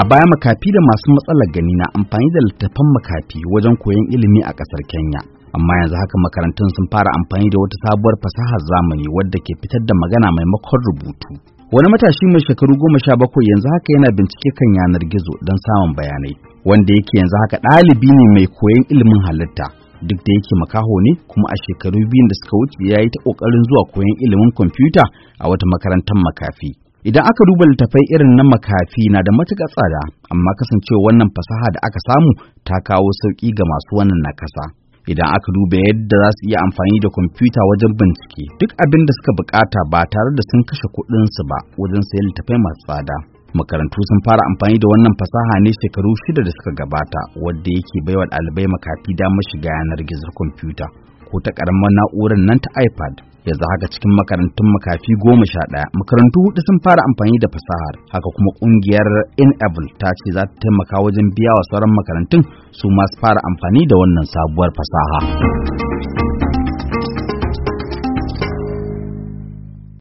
a baya makafi da masu matsalar gani na amfani da littattafan makafi wajen koyon ilimi a ƙasar kenya amma yanzu haka makarantun sun fara amfani da wata sabuwar fasahar zamani wadda ke fitar da magana maimakon rubutu wani matashi mai shekaru goma sha bakwai yanzu haka yana bincike kan yanar gizo don samun bayanai wanda yake yanzu haka ɗalibi ne mai koyon ilimin halitta duk da yake makaho ne kuma a shekaru biyun da suka wuce ya yi ta ƙoƙarin zuwa koyon ilimin kwamfuta a wata makarantar makafi Idan aka duba littafai irin na makafi na da matuƙar tsada, amma kasancewa wannan fasaha da aka samu ta kawo sauƙi ga masu wannan nakasa. Idan aka duba yadda za su iya amfani da kwamfuta wajen bincike duk abin da suka bukata ba tare da sun kashe kuɗinsu ba wajen sayan littafai masu tsada. Makarantu sun fara amfani da wannan fasaha ne shekaru shida da suka gabata wadda yake baiwa ɗalibai makafi damar shiga yanar gizo kwamfuta ko ta ƙaramar na'urar nan ta iPad yanzu haka cikin makarantun makafi goma sha ɗaya makarantu hudu sun fara amfani da fasahar haka kuma kungiyar inable ta ce za ta taimaka wajen biya wa sauran makarantun su masu fara amfani da wannan sabuwar fasaha.